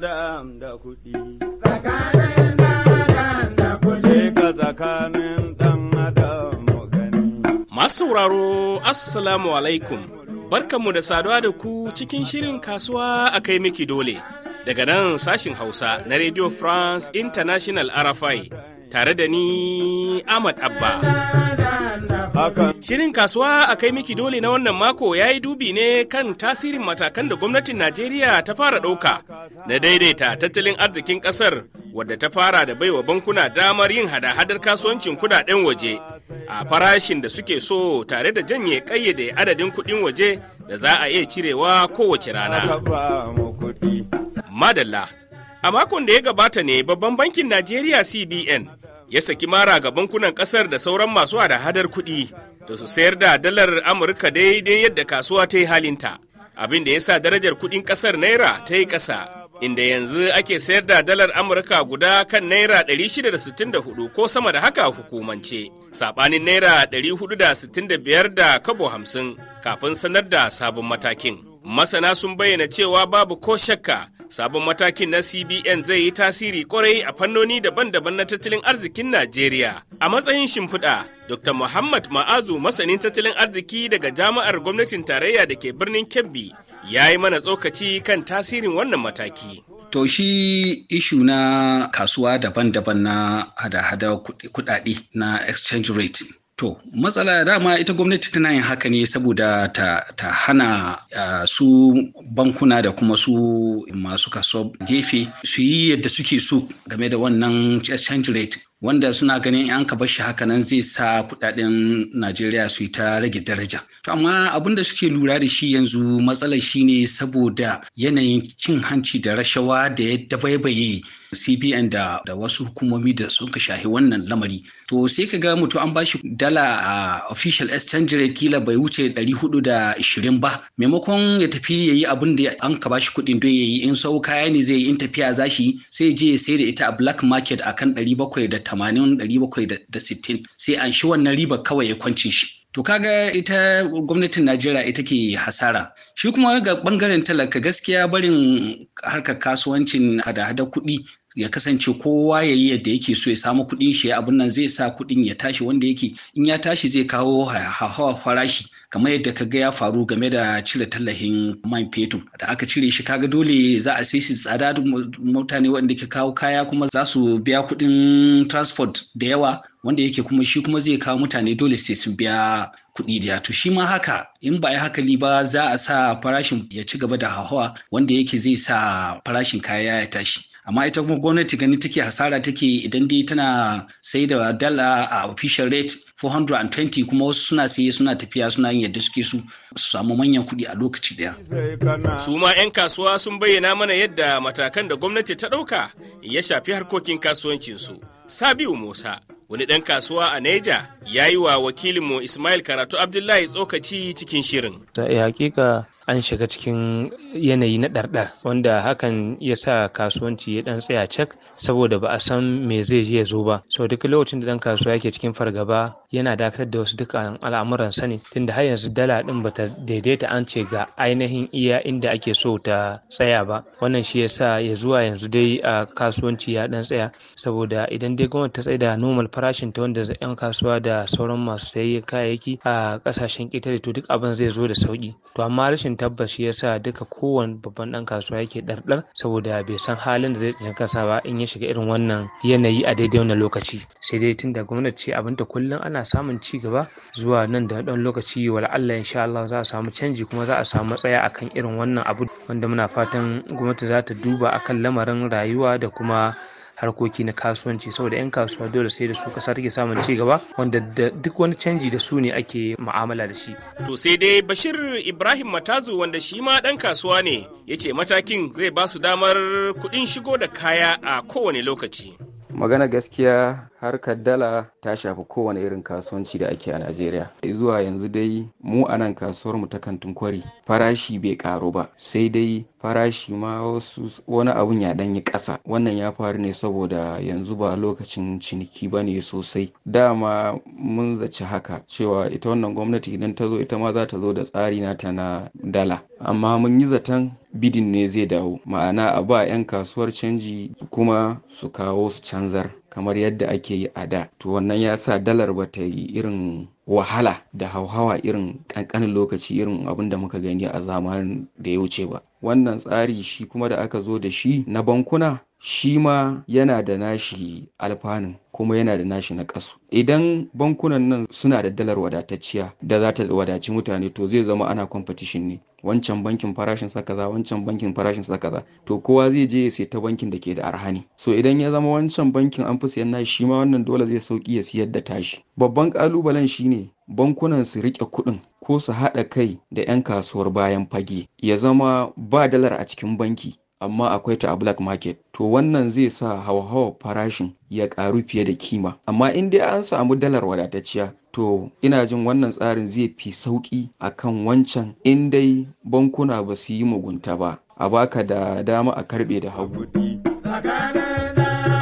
da'am Masu sauraro, Assalamu alaikum. Barkanmu da saduwa da ku cikin shirin kasuwa a kai miki dole. Daga nan sashin Hausa na Radio France International RFI tare da ni Ahmad Abba. Shirin kasuwa a kai miki dole na wannan mako ya yi dubi ne kan tasirin matakan da gwamnatin Najeriya ta fara ɗauka na daidaita tattalin arzikin ƙasar wadda ta fara da baiwa bankuna damar yin hada-hadar kasuwancin kudaden waje a farashin da suke so tare da janye ƙayyade adadin kuɗin waje da za a iya cirewa kowace rana. Madalla, a makon da ya gabata ne babban bankin Najeriya CBN ya saki mara ga bankunan kasar da sauran masu adahadar hadar kuɗi da su sayar da dalar amurka daidai yadda kasuwa ta yi halinta abin da ya sa darajar kuɗin kasar naira ta yi ƙasa inda yanzu ake sayar da dalar amurka guda kan naira 664 ko sama da haka hukumance saɓanin naira 465 da kabo 50 kafin sanar da sabon matakin masana sun bayyana cewa babu ko shakka sabon matakin na cbn zai yi tasiri kwarai a fannoni daban-daban na tattalin arzikin najeriya a matsayin shimfiɗa dr muhammad ma'azu masanin tattalin arziki daga jami'ar gwamnatin tarayya da ke birnin kebbi ya yi mana tsokaci kan tasirin wannan mataki To shi ishu na kasuwa daban-daban na hada-hada kudade na exchange rate To, matsala dama ita gwamnati tana yin haka ne saboda ta, hana su bankuna da kuma su masu kaso gefe su yi yadda suke so game da wannan exchange rate wanda suna ganin an ka shi haka nan zai sa kudaden Najeriya su yi ta rage daraja. To amma abin da suke lura da shi yanzu matsalar shi ne saboda yanayin cin hanci da rashawa da ya dabaibaye CBN da, da wasu hukumomi da suka shahi wannan lamari. To sai ka ga mutum an bashi dala a official exchange rate kila bai wuce 420 ba. Maimakon ya tafi ya yi abin da an ka bashi kuɗin don ya yi in sau kaya ne zai yi in tafiya zashi sai je ya sai da ita a black market akan 700 tamanin ɗari da sittin sai an shi wannan riba kawai ya kwanci shi to kaga ita gwamnatin najeriya ita ke hasara shi kuma ga ɓangaren talaka gaskiya barin harkar kasuwancin hada-hada kuɗi ya kasance kowa ya yi yadda yake so ya samu kuɗin shi abin nan zai sa kuɗin ya tashi wanda yake in ya tashi zai kawo hawa farashi kamar yadda ka ga ya faru game da cire tallafin man fetur da aka cire shi kaga dole za a sai shi tsada mutane waɗanda ke kawo kaya kuma za su biya kuɗin transport da yawa wanda yake kuma shi kuma zai kawo mutane dole sai su biya kuɗi da to shi ma haka in ba yi hakali ba za a sa farashin ya ci gaba da hawa wanda yake zai sa farashin kaya ya tashi amma ita kuma gwamnati gani take hasara take idan dai tana sai da dala a official rate 420 kuma wasu suna saye suna tafiya suna yin yadda suke su su samu manyan kuɗi a lokaci daya. su ma 'yan kasuwa sun bayyana mana yadda matakan da gwamnati ta ɗauka ya shafi harkokin kasuwancinsu sabiu musa wani ɗan kasuwa a Neja ya yi wa wakilinmu Ismail Karatu Abdullahi tsokaci cikin shirin. Ta eh, hakika an shiga cikin yanayi na ɗarɗar wanda hakan ya sa kasuwanci ya ɗan tsaya cak saboda ba a san me zai je ya zo ba so duk lokacin da ɗan kasuwa yake cikin fargaba yana dakatar da wasu dukkan al'amuran sani tunda har yanzu dala ɗin ba ta daidaita an ce ga ainihin iya inda ake so ta tsaya ba wannan shi ya sa ya zuwa yanzu dai a kasuwanci ya ɗan tsaya saboda idan dai gwamnati ta tsaida normal farashin ta wanda 'yan kasuwa da sauran masu sayayyan kayayyaki a ƙasashen ƙetare to duk abin zai zo da sauƙi to amma rashin rashin tabbas ya sa duka kowane babban ɗan kasuwa yake ɗarɗar saboda bai san halin da zai tsinci kasa ba in ya shiga irin wannan yanayi a daidai wannan lokaci sai dai tun da gwamnati ce abin ta kullum ana samun ci gaba zuwa nan da ɗan lokaci wala Allah insha Allah za a samu canji kuma za a samu matsaya akan irin wannan abu wanda muna fatan gwamnati za ta duba akan lamarin rayuwa da kuma harkoki na kasuwanci saboda 'yan kasuwa dole sai da su kasa take samun ci gaba wanda duk wani canji da su ne ake ma'amala da shi. To sai dai Bashir Ibrahim Matazu wanda shi ma ɗan kasuwa ne ya ce matakin zai ba su damar kuɗin shigo da kaya a kowane lokaci. magana gaskiya harkar dala ta shafi kowane irin kasuwanci da ake a najeriya zuwa yanzu dai mu a nan kasuwar mu ta kantin kwari farashi bai karu ba sai dai farashi ma wasu wani abun ya danyi yi ƙasa wannan ya faru ne saboda yanzu ba lokacin ciniki ba ne sosai dama mun zaci haka cewa ita wannan gwamnati idan ta zo ita ma za ta zo da tsari ta na dala amma mun yi zaton bidin ne zai dawo ma'ana a ba 'yan kasuwar canji kuma su kawo su canzar kamar yadda ake yi a da to wannan ya sa dalar ba ta yi irin wahala da hauhawa irin kankanin lokaci irin abin da muka gani a zamanin da ya wuce ba wannan tsari shi kuma da aka zo da shi na bankuna shi ma yana da nashi alfanun kuma yana da nashi na kasu idan bankunan nan suna da dalar wadatacciya da za ta wadaci mutane to zai zama ana competition ne wancan bankin farashin sa kaza wancan bankin farashin sa kaza to kowa zai je ya sai ta bankin da ke da arhani so idan ya zama wancan bankin an fi siyan nashi shi ma wannan dole zai sauki ya siyar da tashi babban kalubalen shine bankunan su rike kuɗin ko su haɗa kai da 'yan kasuwar bayan fage ya zama ba dalar a cikin banki amma akwai ta a black market to wannan zai sa hauhawar farashin ya karu fiye da kima amma in dai an samu dalar wadatacciya to ina jin wannan tsarin zai fi sauƙi kan wancan in dai bankuna ba su yi mugunta ba a baka da dama a karɓe da hagu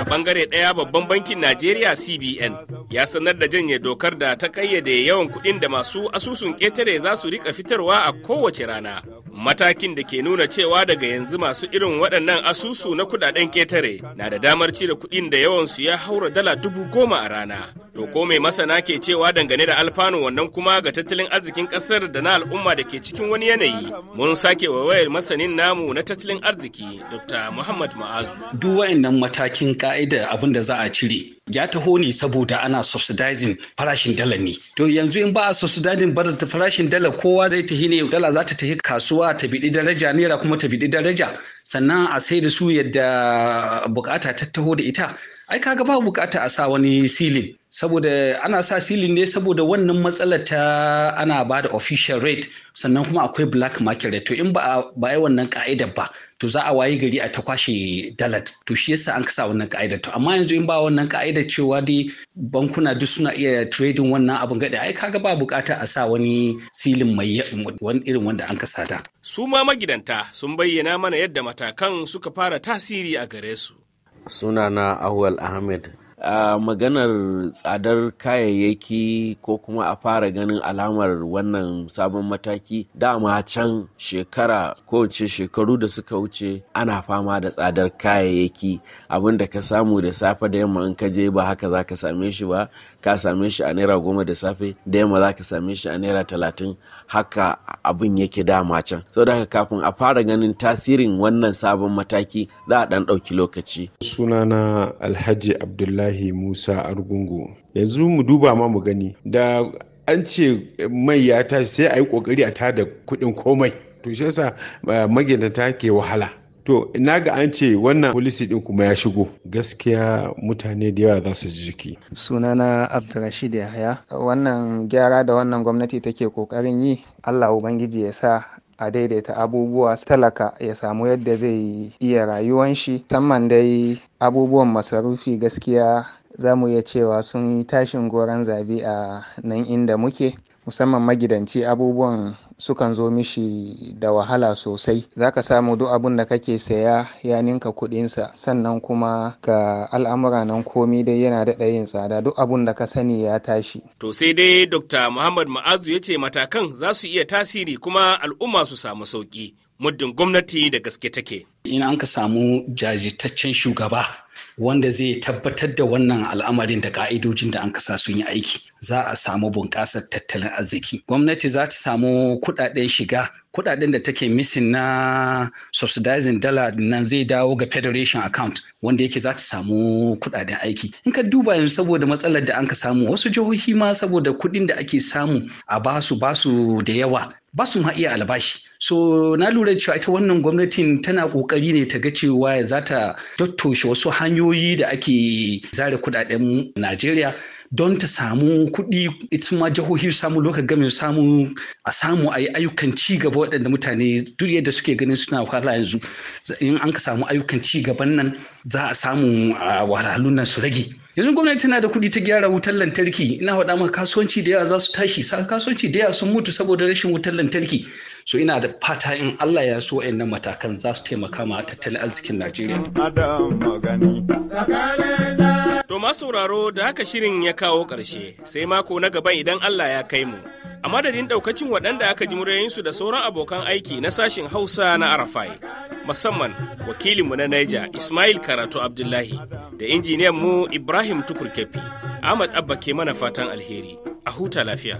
a bangare ɗaya babban bankin najeriya cbn ya sanar da janye dokar da ta kayyade yawan kuɗin da masu asusun ƙetare za su rika fitarwa a kowace rana matakin da ke nuna cewa daga yanzu masu irin waɗannan asusu na kudaden ketare na da damar cire kuɗin da yawansu ya haura dala dubu goma a rana to ko mai masana ke cewa dangane da alfanu wannan kuma ga tattalin arzikin ƙasar da na al'umma da ke cikin wani yanayi mun sake wa wayar masanin namu na tattalin arziki dr muhammad ma'azu duk wayannan matakin ka'ida abin da za a cire ya taho ne saboda ana subsidizing farashin dala ne to yanzu in ba a subsidizing farashin dala kowa zai tafi ne dala za ta tafi kasuwa kasuwa ta biɗi daraja naira kuma ta biɗi daraja sannan a sai da su yadda bukata ta taho da ita ai kaga ba bukata a sa wani silin saboda ana sa silin ne saboda wannan matsalar ta ana ba da official rate sannan kuma akwai black market rate to in ba ba yi wannan ka'idar ba to za a wayi gari a ta kwashe dalat to shi yasa an kasa wannan ka'ida to amma yanzu in ba wannan ka'ida cewa dai bankuna duk suna iya trading wannan abin gada ai kaga ba bukata a sa wani silin mai wani irin wanda an kasa ta su ma magidanta sun bayyana mana yadda matakan suka fara tasiri a gare su Sunana Awal Ahmed. Uh, maganar tsadar kayayyaki ko kuma a fara ganin alamar wannan sabon mataki dama can shekara ko ce shekaru da suka wuce ana fama da tsadar kayayyaki abinda ka samu da safe da yamma in ka je ba haka za ka same shi ba ka same shi a naira goma da safe da yamma za ka same shi a naira talatin haka abin yake dama can sau haka kafin a fara ganin tasirin wannan sabon mataki za a ɗan ɗauki lokaci sunana alhaji abdullahi musa argungu yanzu mu duba ma mu gani da an ce mai ya tashi sai a yi ƙoƙari a tada kuɗin komai to shi yasa eh, magidanta ke wahala to ina ga an ce wannan polisi din kuma ya shigo gaskiya mutane da yawa za su ji jiki sunana abdurrashid yahaya wannan gyara da wannan gwamnati take kokarin yi allah ubangiji ya sa a daidaita abubuwa talaka ya samu yadda zai iya rayuwan shi musamman dai abubuwan masarufi gaskiya za mu iya cewa sun yi tashin goron zabi a nan inda muke musamman magidanci abubuwan sukan zo mishi da wahala sosai zaka samu duk abin da kake saya ya ninka kuɗinsa sannan kuma ga al'amura nan komi dai yana daɗa yin tsada duk abin da ka sani ya tashi to sai dai dr muhammad ma'azu ya ce matakan za su iya tasiri kuma al'umma su samu sauƙi. muddin gwamnati da gaske take. In an ka samu jajitaccen shugaba wanda zai tabbatar da wannan al'amarin da ka'idojin da an kasa sun yi aiki za a samu bunƙasar tattalin arziki. Gwamnati za ta samu kuɗaɗen shiga kudaden da take missing na subsidizing dala nan zai dawo ga federation account wanda yake za ta samu kudaden aiki in ka duba yanzu saboda matsalar da anka samu wasu jihohi ma saboda kudin da ake samu a basu basu da yawa ba su ma iya albashi so na lura cewa ita wannan gwamnatin tana kokari ne ta ga cewa za ta tattoshe wasu hanyoyi da ake zare kudaden najeriya don ta samu kuɗi ita ma jihohi su samu lokacin game su samu a samu a yi ayyukan ci gaba waɗanda mutane duk yadda suke ganin suna wahala yanzu in an ka samu ayyukan ci gaban nan za a samu a wahalhalun nan su rage yanzu gwamnati tana da kuɗi ta gyara wutar lantarki ina faɗa maka kasuwanci da yawa za su tashi sa kasuwanci da yawa sun mutu saboda rashin wutar lantarki so ina da fata in Allah ya so wayannan matakan za su taimaka ma tattalin arzikin Najeriya. To masu sauraro da haka shirin ya kawo ƙarshe sai mako na gaban idan Allah ya kai mu. A madadin ɗaukacin waɗanda aka ji murayensu da sauran abokan aiki na sashin Hausa na Arafai, musamman wakilinmu na Niger Ismail Karatu Abdullahi da injiniyan mu Ibrahim tukurkefi Ahmad Abba ke mana fatan alheri. A huta lafiya.